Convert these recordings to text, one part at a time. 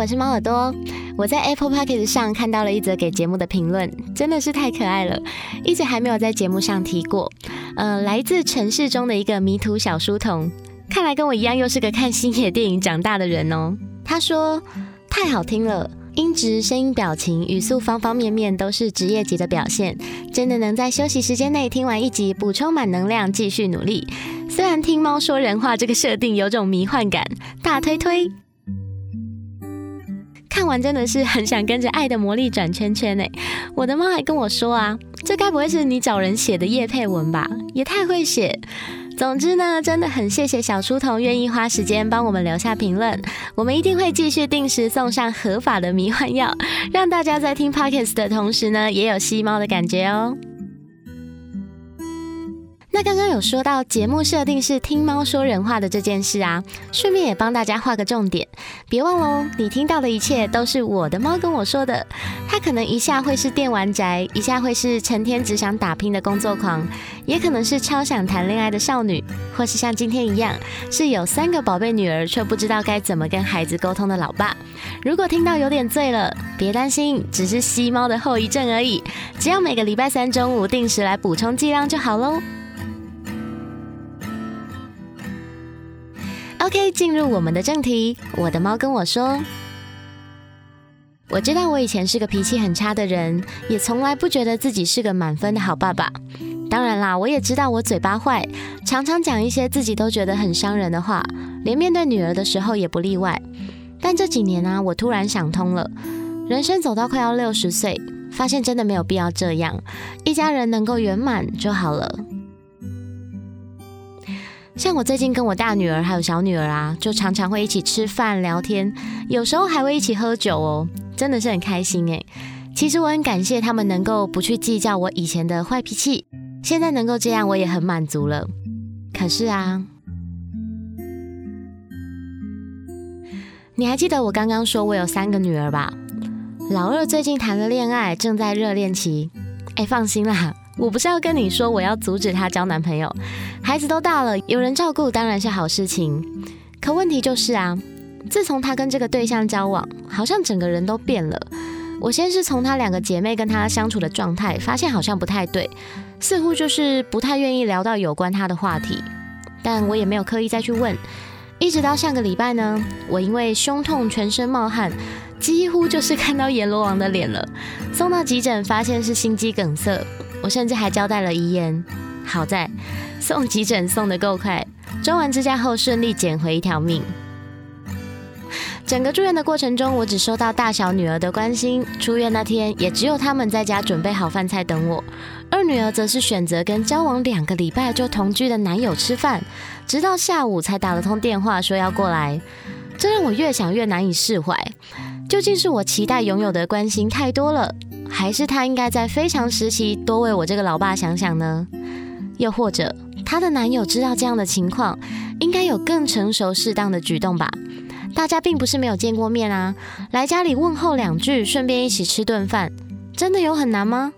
我是貓耳朵，我在 Apple Podcast 上看到了一則給節目的評論，真的是太可愛了，一直還沒有在節目上提過。呃，來自城市中的一個迷途小書童，看來跟我一樣又是個看星野電影長大的人哦、喔。他說太好聽了，音質、聲音、表情、語速方方面面都是職業級的表現，真的能在休息時間內聽完一集，補充滿能量，繼續努力。雖然聽貓說人話這個設定有種迷幻感，大推推。看完真的是很想跟着《愛的魔力》轉圈圈呢。我的貓還跟我說啊，這該不會是你找人寫的業配文吧？也太會寫。總之呢，真的很謝謝小書童願意花時間幫我們留下評論，我們一定會繼續定時送上合法的迷幻藥，讓大家在聽 Podcast 的同時呢，也有吸貓的感覺哦。那剛剛有說到節目設定是聽貓說人話的這件事啊，順便也幫大家畫個重點，別忘嘍！你聽到的一切都是我的貓跟我說的，它可能一下會是電玩宅，一下會是成天只想打拼的工作狂，也可能是超想談戀愛的少女，或是像今天一樣是有三個寶貝女兒卻不知道該怎麼跟孩子溝通的老爸。如果聽到有點醉了，別擔心，只是吸貓的後遺症而已，只要每個禮拜三中午定時來補充劑量就好嘍。OK，進入我們的正題。我的貓跟我說：“我知道我以前是個脾氣很差的人，也從來不覺得自己是個滿分的好爸爸。當然啦，我也知道我嘴巴壞，常常講一些自己都覺得很傷人的話，連面對女兒的時候也不例外。但這幾年呢、啊，我突然想通了，人生走到快要六十歲，發現真的沒有必要這樣，一家人能夠圓滿就好了。”像我最近跟我大女兒還有小女兒啊，就常常會一起吃飯聊天，有時候還會一起喝酒哦，真的是很開心哎。其實我很感謝他們能夠不去計較我以前的壞脾氣，現在能夠這樣，我也很滿足了。可是啊，你還記得我剛剛說我有三個女兒吧？老二最近談了戀愛，正在熱戀期，哎、欸，放心啦。我不是要跟你說，我要阻止她交男朋友。孩子都大了，有人照顧當然是好事情。可問題就是啊，自從她跟這個對象交往，好像整個人都變了。我先是從她兩個姐妹跟她相處的狀態發現，好像不太對，似乎就是不太願意聊到有關她的話題。但我也沒有刻意再去問。一直到上個禮拜呢，我因為胸痛、全身冒汗，幾乎就是看到閻羅王的臉了，送到急診發現是心肌梗塞。我甚至還交代了遺言，好在送急診送得夠快，裝完支架後順利撿回一條命。整個住院的過程中，我只收到大小女兒的關心。出院那天，也只有她們在家準備好飯菜等我。二女兒則是選擇跟交往兩個禮拜就同居的男友吃飯，直到下午才打了通電話說要過來，這讓我越想越難以釋懷。究竟是我期待擁有的關心太多了？還是他應該在非常時期多為我這個老爸想想呢？又或者他的男友知道這樣的情況，應該有更成熟適當的舉動吧？大家並不是沒有見過面啊，來家裡問候兩句，順便一起吃頓飯，真的有很難嗎？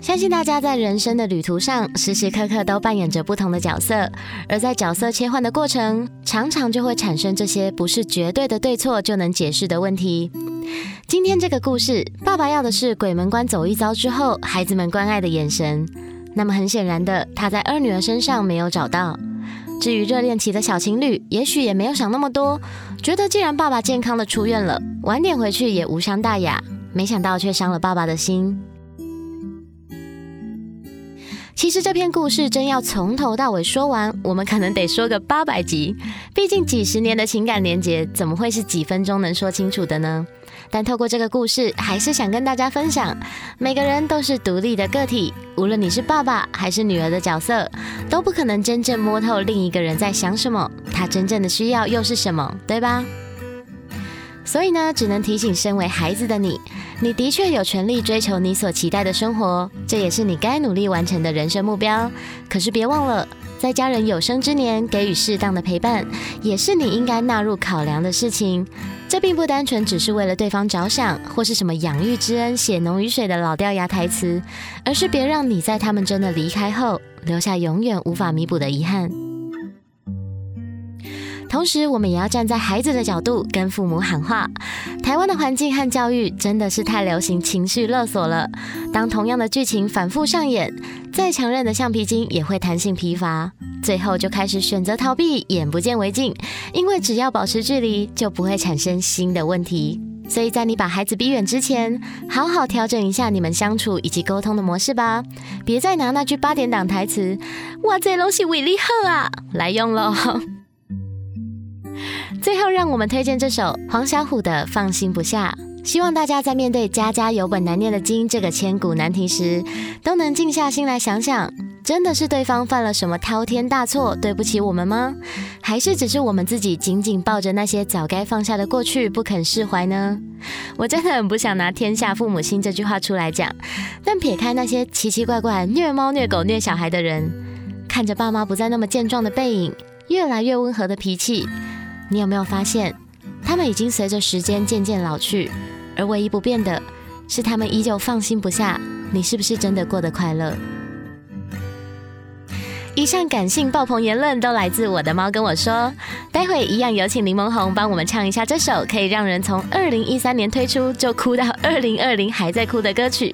相信大家在人生的旅途上，時時刻刻都扮演着不同的角色，而在角色切換的過程，常常就會產生這些不是絕對的對錯就能解釋的問題。今天這個故事，爸爸要的是鬼門關走一遭之後，孩子們關愛的眼神。那麼很顯然的，他在二女兒身上沒有找到。至於熱戀期的小情侶，也許也沒有想那麼多，覺得既然爸爸健康的出院了，晚點回去也無傷大雅。沒想到卻傷了爸爸的心。其實這篇故事真要從頭到尾說完，我們可能得說個八百集。畢竟幾十年的情感連結，怎麼會是幾分鐘能說清楚的呢？但透過這個故事，還是想跟大家分享，每個人都是獨立的個體，無論你是爸爸還是女兒的角色，都不可能真正摸透另一個人在想什麼，他真正的需要又是什麼，對吧？所以呢，只能提醒身為孩子的你，你的確有權利追求你所期待的生活，這也是你該努力完成的人生目標。可是別忘了，在家人有生之年給予適當的陪伴，也是你應該納入考量的事情。這並不單純只是為了對方着想，或是什麼養育之恩血濃於水的老掉牙台詞，而是別讓你在他們真的離開後，留下永遠無法彌補的遺憾。同時，我們也要站在孩子的角度跟父母喊話。台灣的環境和教育真的是太流行情緒勒索了。當同樣的劇情反覆上演，再強韌的橡皮筋也會彈性疲乏，最後就開始選擇逃避，眼不見為淨。因為只要保持距離，就不會產生新的問題。所以在你把孩子逼遠之前，好好調整一下你們相處以及溝通的模式吧。別再拿那句八點檔台詞“哇，這攏是為你好啊”來用咯。最後，讓我們推薦這首黃小琥的《放心不下》。希望大家在面對家家有本難念的經這個千古難題時，都能靜下心來想想：真的是對方犯了什麼滔天大錯，對不起我們嗎？還是只是我們自己緊緊抱着那些早該放下的過去，不肯釋懷呢？我真的很不想拿“天下父母心”這句話出來講，但撇開那些奇奇怪怪虐貓虐狗虐小孩的人，看着爸媽不再那麼健壯的背影，越來越溫和的脾氣。你有沒有發現，他們已經隨着時間漸漸老去，而唯一不變的是，他們依舊放心不下你是不是真的過得快樂。以上感性爆棚言論都來自我的貓跟我說，待會一樣有請檸檬紅幫我們唱一下這首可以讓人從二零一三年推出就哭到二零二零還在哭的歌曲，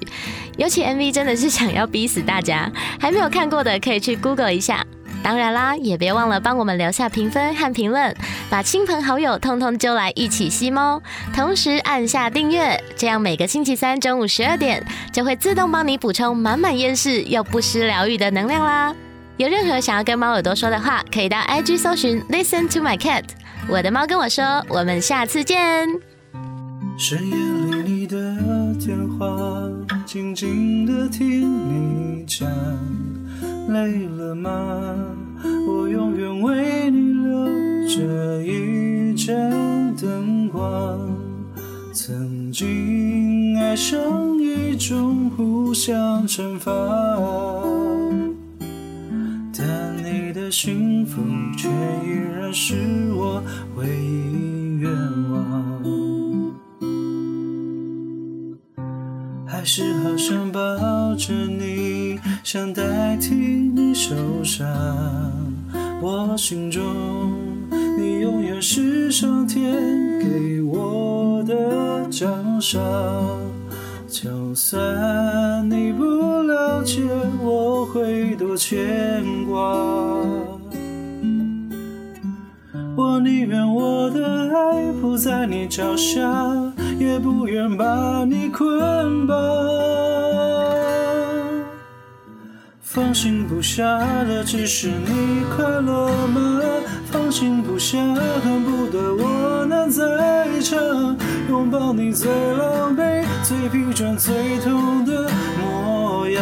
尤其 MV 真的是想要逼死大家，還沒有看過的可以去 Google 一下。當然啦，也別忘了幫我們留下評分和評論，把親朋好友通通揪來一起吸貓，同時按下訂閱，這樣每個星期三中午十二點就會自動幫你補充滿滿厭世又不失療癒的能量啦。有任何想要跟貓耳朵說的話，可以到 IG 搜尋 Listen to my cat，我的貓跟我說，我們下次見。深夜裡你的電話，靜靜地聽你講，累了嗎？我永遠為你留着一盞燈光。曾經愛上一種互相懲罰，但你的幸福卻依然是我唯一願望。還是好想抱着你。想代替你受傷，我心中你永遠是上天給我的獎賞。就算你不了解，我會多牽掛。我寧願我的愛鋪在你腳下，也不願把你捆綁。放心不下的，只是你快樂嗎？放心不下，恨不得我能再唱。擁抱你最狼狽、最疲倦、最痛的模樣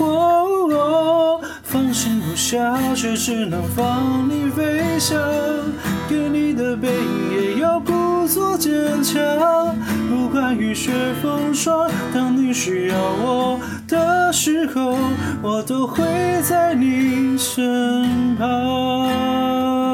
哦哦。放心不下，卻只能放你飛翔，給你的背影也要故作堅強。不管雨雪風霜，當你需要我的時候，我都會在你身旁。